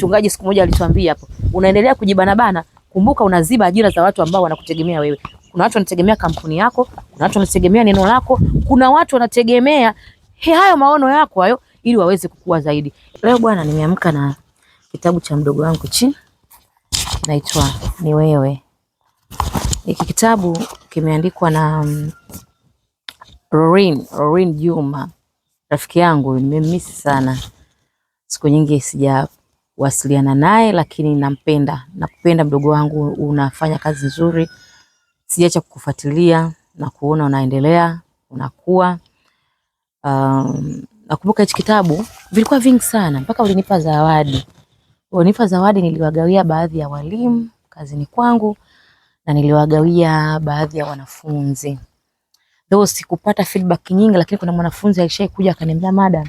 mchungaji siku moja alituambia hapo, unaendelea kujibanabana, kumbuka unaziba ajira za watu ambao wanakutegemea wewe. Kuna watu wanategemea kampuni yako, kuna watu wanategemea neno lako, kuna watu wanategemea he hayo maono yako hayo, ili waweze kukua zaidi. Leo bwana, nimeamka na kitabu cha mdogo wangu chini, naitwa ni wewe. Hiki kitabu kimeandikwa na um, mm, Rorin Rorin Juma, rafiki yangu. Nimemisi sana, siku nyingi sija wasiliana naye, lakini nampenda, nakupenda mdogo wangu, unafanya kazi nzuri, sijaacha kukufuatilia na kuona unaendelea unakuwa. Um, nakumbuka hichi kitabu vilikuwa vingi sana, mpaka ulinipa zawadi. Ulinipa zawadi, niliwagawia baadhi ya walimu kazini kwangu na niliwagawia baadhi ya wanafunzi though sikupata feedback nyingi, lakini kuna mwanafunzi alishaikuja akaniambia madam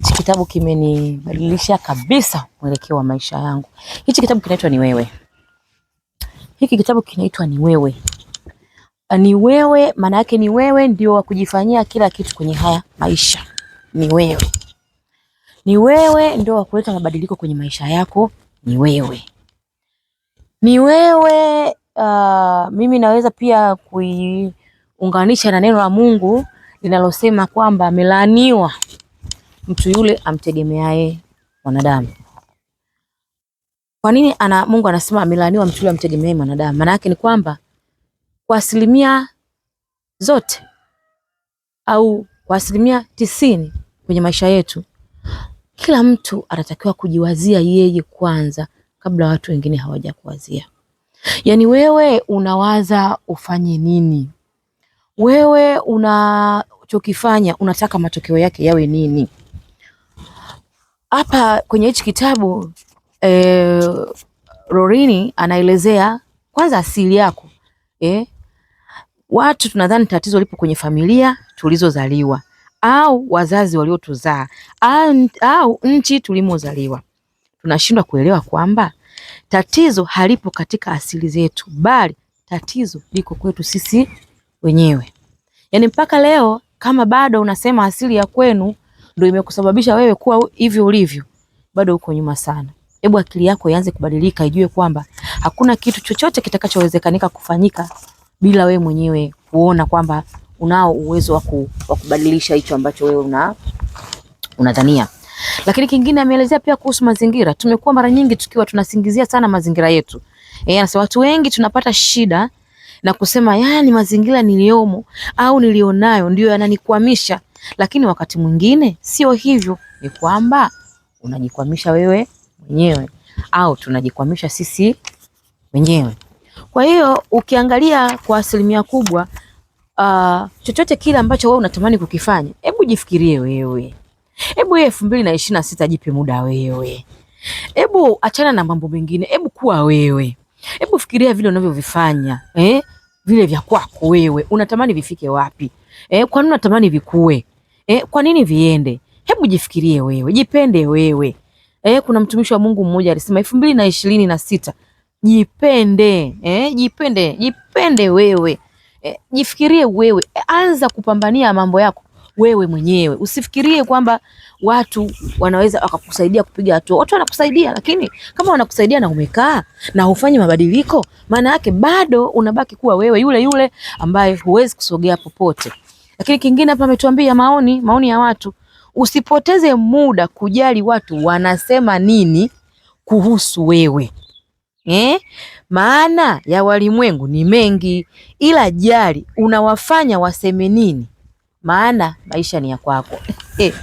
Hichi kitabu kimenibadilisha kabisa mwelekeo wa maisha yangu. Hichi kitabu kinaitwa Ni Wewe. Hiki kitabu kinaitwa Ni Wewe. Ni wewe, maana yake ni wewe ndio wa kujifanyia kila kitu kwenye haya maisha. Ni wewe, ni wewe ndio wa kuleta mabadiliko kwenye maisha yako. Ni wewe, ni wewe. Uh, mimi naweza pia kuiunganisha na neno la Mungu linalosema kwamba amelaaniwa mtu yule amtegemeaye mwanadamu. Kwa nini ana Mungu anasema amelaaniwa mtu yule amtegemeaye mwanadamu? Maana yake ni kwamba kwa asilimia zote au kwa asilimia tisini kwenye maisha yetu kila mtu anatakiwa kujiwazia yeye kwanza kabla watu wengine hawajakuwazia. Yaani wewe unawaza ufanye nini? Wewe unachokifanya unataka matokeo yake yawe nini? Hapa kwenye hichi kitabu e, eh, Rorini anaelezea kwanza asili yako e. Watu tunadhani tatizo lipo kwenye familia tulizozaliwa au wazazi waliotuzaa au, au nchi tulimozaliwa. Tunashindwa kuelewa kwamba tatizo halipo katika asili zetu, bali tatizo liko kwetu sisi wenyewe. Yaani mpaka leo kama bado unasema asili ya kwenu ndio imekusababisha wewe kuwa hivi ulivyo, bado uko nyuma sana. Hebu akili yako ianze kubadilika, ijue kwamba hakuna kitu chochote kitakachowezekanika kufanyika bila wewe mwenyewe kuona kwamba unao uwezo wa kubadilisha hicho ambacho wewe una unadhania. Lakini kingine ameelezea pia kuhusu mazingira. Tumekuwa mara nyingi tukiwa tunasingizia sana mazingira yetu. Eh, anasema watu wengi tunapata shida na kusema yani mazingira niliyomo au nilionayo ndio yananikwamisha lakini wakati mwingine sio hivyo, ni kwamba unajikwamisha wewe mwenyewe au tunajikwamisha sisi wenyewe. Kwa hiyo ukiangalia kwa asilimia kubwa uh, chochote kile ambacho wewe unatamani kukifanya, hebu jifikirie wewe, hebu elfu mbili na ishirini na sita jipe muda wewe, hebu achana na mambo mengine, hebu kuwa wewe, hebu fikiria vile unavyovifanya eh? vile vya kwako wewe unatamani vifike wapi eh? kwani unatamani vikue Eh, kwa nini viende? Hebu jifikirie wewe, jipende wewe. Eh, kuna mtumishi wa Mungu mmoja alisema elfu mbili na ishirini na sita jipende. Eh, jipende, jipende wewe. E, jifikirie wewe. E, anza kupambania mambo yako wewe mwenyewe. Usifikirie kwamba watu wanaweza wakakusaidia kupiga hatua. Watu wanakusaidia, lakini kama wanakusaidia na umekaa na hufanyi mabadiliko, maana yake bado unabaki kuwa wewe yule yule ambaye huwezi kusogea popote. Lakini kingine hapa ametuambia maoni, maoni ya watu, usipoteze muda kujali watu wanasema nini kuhusu wewe eh? Maana ya walimwengu ni mengi, ila jali unawafanya waseme nini, maana maisha ni ya kwako. Eh.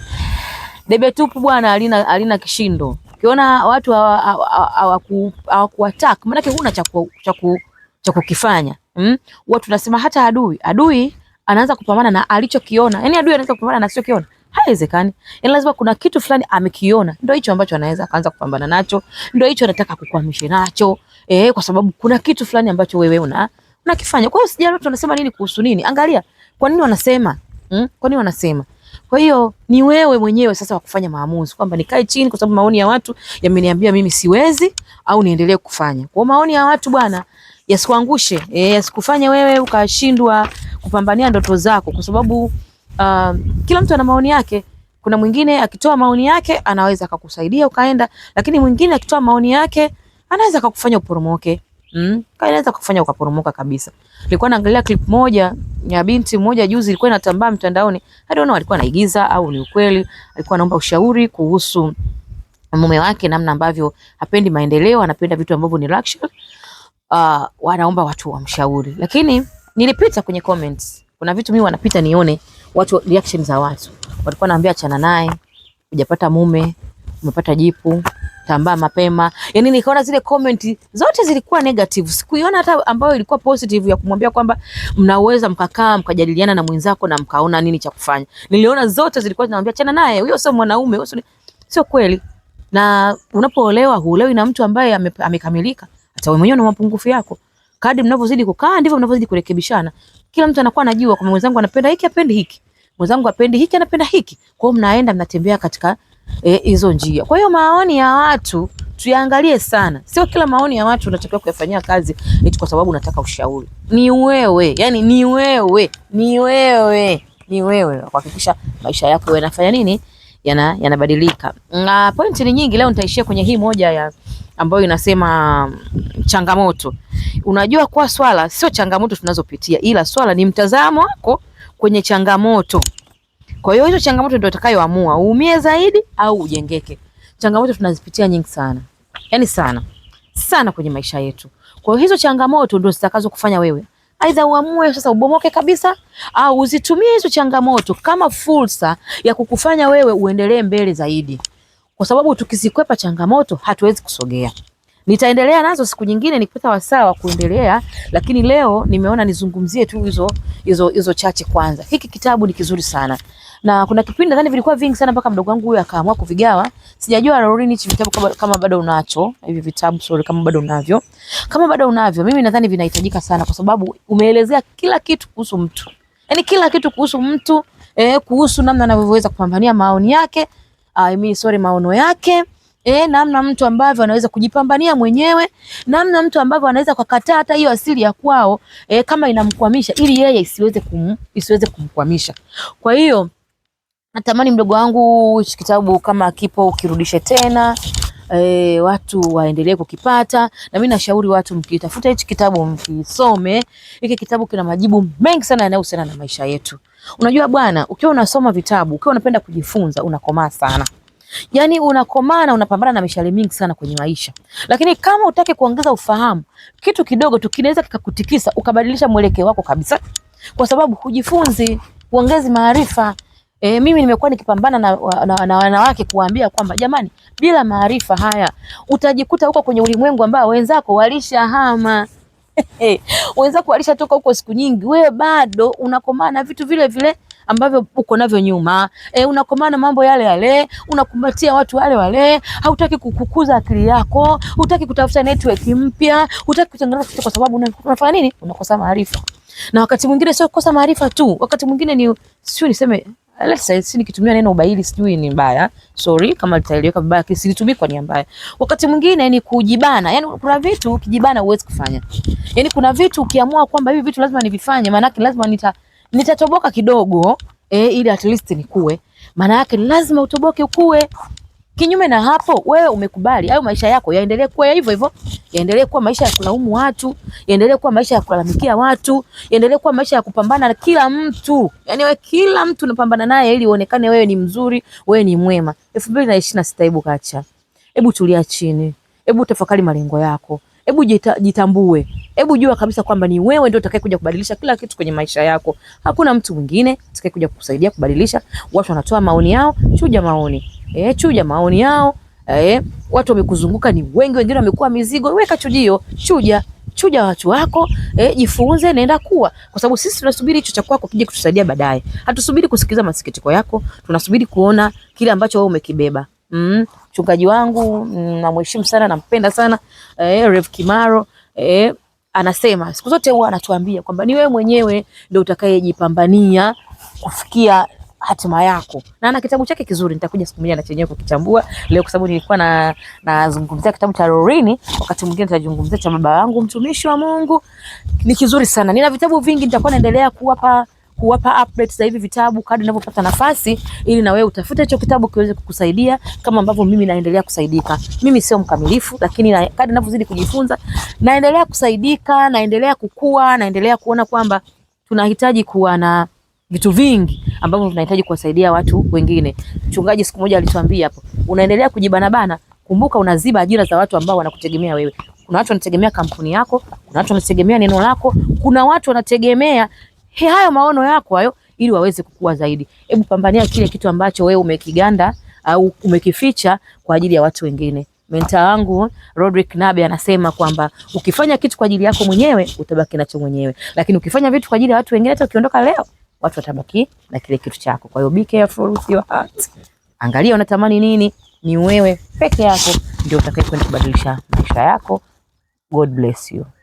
Debe tupu bwana, alina, alina kishindo. Ukiona watu hawakuattack, maanake huna cha kukifanya. Mm? Watu nasema hata adui adui anaanza kupambana na alichokiona. Yaani adui anaweza kupambana na asichokiona? Haiwezekani. Yaani lazima kuna kitu fulani amekiona, ndio hicho ambacho anaweza akaanza kupambana nacho, ndio hicho anataka kukwamisha nacho. Eh, kwa sababu kuna kitu fulani ambacho wewe una unakifanya. Kwa hiyo sijali watu wanasema nini kuhusu nini. Angalia, kwa nini wanasema? Hmm? Kwa nini wanasema? Kwa hiyo ni wewe mwenyewe sasa wa kufanya maamuzi kwamba nikae chini kwa sababu maoni ya watu yameniambia mimi siwezi au niendelee kufanya. Kwa maoni ya watu bwana, yasikuangushe, eh, yasikufanye wewe ukashindwa kupambania ndoto zako, kwa sababu uh, kila mtu ana maoni yake. Kuna mwingine akitoa maoni yake anaweza akakusaidia ukaenda, lakini mwingine akitoa maoni yake anaweza akakufanya uporomoke. Mm, kainaweza kufanya ukaporomoka kabisa. Nilikuwa naangalia clip moja ya binti moja juzi ilikuwa inatambaa mtandaoni. I don't know alikuwa anaigiza au ni ukweli. Alikuwa anaomba ushauri kuhusu mume wake namna ambavyo hapendi maendeleo, anapenda vitu ambavyo ni luxury. Uh, wanaomba watu wamshauri. Lakini nilipita kwenye comments, kuna vitu mimi wanapita nione watu reaction za watu walikuwa wanaambia achana naye, hujapata mume, umepata jipu, tambaa mapema. Yani nikaona zile comment zote zilikuwa negative, sikuiona hata ambayo ilikuwa positive ya kumwambia kwamba mnaweza mkakaa mkajadiliana na mwenzako na mkaona nini cha kufanya. Niliona zote zilikuwa zinamwambia achana naye, huyo sio mwanaume, huyo sio kweli. Na unapoolewa huolewi na mtu ambaye amekamilika, hata wewe mwenyewe una mapungufu yako. Kadri mnavyozidi kukaa ndivyo mnavyozidi kurekebishana. Kila mtu anakuwa anajua kwamba mwenzangu anapenda hiki, apendi hiki, mwenzangu apendi hiki, anapenda hiki. Kwa hiyo mnaenda mnatembea katika e, hizo e, njia. Kwa hiyo maoni ya watu tuyaangalie sana, sio kila maoni ya watu unatakiwa kuyafanyia kazi eti kwa sababu unataka ushauri. Ni wewe yani, ni wewe, ni wewe, ni wewe kuhakikisha maisha yako yanafanya nini, yanabadilika. Yana na pointi ni nyingi, leo nitaishia kwenye hii moja ya ambayo inasema mm, changamoto. Unajua kwa swala sio changamoto tunazopitia, ila swala ni mtazamo wako kwenye changamoto. Kwa hiyo hizo changamoto ndio utakayoamua uumie zaidi au ujengeke. Changamoto tunazipitia nyingi sana, yani sana sana kwenye maisha yetu. Kwa hiyo hizo changamoto ndio zitakazo kufanya wewe aidha uamue sasa ubomoke kabisa, au uzitumie hizo changamoto kama fursa ya kukufanya wewe uendelee mbele zaidi kwa sababu tukizikwepa changamoto hatuwezi kusogea. Nitaendelea nazo siku nyingine nikipata wasaa wa kuendelea, lakini leo nimeona nizungumzie tu hizo hizo hizo chache. Kwanza, hiki kitabu ni kizuri sana na kuna kipindi nadhani vilikuwa vingi sana mpaka mdogo wangu huyo akaamua kuvigawa. Sijajua Laurini hichi vitabu kama, kama bado unacho hivi vitabu sorry, kama bado unavyo, kama bado unavyo, mimi nadhani vinahitajika sana, kwa sababu umeelezea kila kitu kuhusu mtu, yani kila kitu kuhusu mtu eh, kuhusu namna anavyoweza kupambania maoni yake uh, mean, sorry, maono yake E, namna mtu ambavyo anaweza kujipambania mwenyewe, namna mtu ambavyo anaweza kukataa hata hiyo asili ya kwao e, kama inamkwamisha ili yeye isiweze kum, isiweze kumkwamisha. Kwa hiyo natamani mdogo wangu hichi kitabu kama kipo ukirudishe tena e, watu waendelee kukipata, na mimi nashauri watu mkitafuta hichi kitabu mkisome. Hiki kitabu kina majibu mengi sana yanayohusiana na maisha yetu. Unajua bwana, ukiwa unasoma vitabu, ukiwa unapenda kujifunza, unakomaa sana. Yaani unakomaa na unapambana na mishale mingi sana kwenye maisha. Lakini kama utake kuongeza ufahamu, kitu kidogo tu kinaweza kikakutikisa ukabadilisha mwelekeo wako kabisa. Kwa sababu hujifunzi, huongezi maarifa. E, mimi nimekuwa nikipambana na, na, na wanawake kuwaambia kwamba jamani, bila maarifa haya utajikuta huko kwenye ulimwengu ambao wenzako walishahama. kualisha toka huko siku nyingi, wewe bado unakomaa na vitu vile vile ambavyo uko navyo nyuma. E, unakomaa na mambo yale yale, unakumbatia watu wale wale, hautaki kukukuza akili yako, hutaki kutafuta network mpya, hutaki kutengeneza kitu, kwa sababu unafanya nini? Unakosa maarifa. Na wakati mwingine sio kukosa maarifa tu, wakati mwingine ni sio niseme si nikitumia neno ubaili sijui ni mbaya, sorry kama litaeleweka vibaya, silitumii kwa nia mbaya. Wakati mwingine ni kujibana, yani kuna vitu ukijibana huwezi kufanya, yani kuna vitu ukiamua kwamba hivi vitu lazima nivifanye, maana yake lazima nita nitatoboka kidogo eh, ili at least nikue. Maana yake lazima utoboke ukue. Kinyume na hapo, wewe umekubali hayo maisha yako yaendelee kuwa hivyo hivyo, yaendelee kuwa maisha ya kulaumu watu, yaendelee kuwa maisha ya kulalamikia watu, yaendelee kuwa maisha ya kupambana na kila mtu. Yani wewe kila mtu unapambana naye ili uonekane wewe ni mzuri, wewe ni mwema. 2026 hebu kacha, hebu tulia chini, hebu tafakari malengo yako, hebu jitambue hebu jua kabisa kwamba ni wewe ndio utakayekuja kubadilisha kila kitu kwenye maisha yako. Hakuna mtu mwingine atakayekuja kukusaidia kubadilisha. Watu wanatoa maoni yao, chuja maoni eh, chuja maoni yao eh. Watu wamekuzunguka ni wengi, wengine wamekuwa mizigo, weka chujio, chuja chuja watu wako eh, jifunze, naenda kuwa, kwa sababu sisi tunasubiri hicho cha kwako kije kutusaidia baadaye. Hatusubiri kusikiliza masikitiko yako, tunasubiri kuona kile ambacho wewe umekibeba. Mm, chungaji wangu mm, namheshimu sana, nampenda sana eh, Rev Kimaro eh, anasema siku zote huwa anatuambia kwamba ni wewe mwenyewe ndio utakayejipambania kufikia hatima yako, na ana kitabu chake kizuri, nitakuja siku moja na chenyewe kukitambua leo, kwa sababu nilikuwa na nazungumzia kitabu cha Rorini, wakati mwingine nitazungumzia cha baba wangu mtumishi wa Mungu. Ni kizuri sana, nina vitabu vingi, nitakuwa naendelea kuwapa kuwapa update za hivi vitabu kadri ninavyopata nafasi, ili na wewe utafute hicho kitabu kiweze kukusaidia kama ambavyo mimi naendelea kusaidika. Mimi sio mkamilifu, lakini na, kadri ninavyozidi kujifunza naendelea kusaidika, naendelea kukua, naendelea kuona kwamba tunahitaji kuwa na vitu vingi ambavyo tunahitaji kuwasaidia watu wengine. Mchungaji siku moja alituambia hapo, unaendelea kujibanabana, kumbuka unaziba ajira za watu ambao wanakutegemea wewe. Kuna watu wanategemea kampuni yako, kuna watu wanategemea neno lako, kuna watu wanategemea he, hayo maono yako hayo, ili waweze kukua zaidi. Hebu pambania kile kitu ambacho wewe umekiganda au umekificha kwa ajili ya watu wengine. Menta wangu Rodrick Nabe anasema kwamba ukifanya kitu kwa ajili yako mwenyewe utabaki nacho mwenyewe, lakini ukifanya vitu kwa ajili ya watu wengine, hata ukiondoka leo, watu watabaki na kile kitu chako. Kwa hiyo be careful with your heart, angalia unatamani nini. Ni wewe peke yako ndio utakayekwenda kubadilisha maisha yako. God bless you.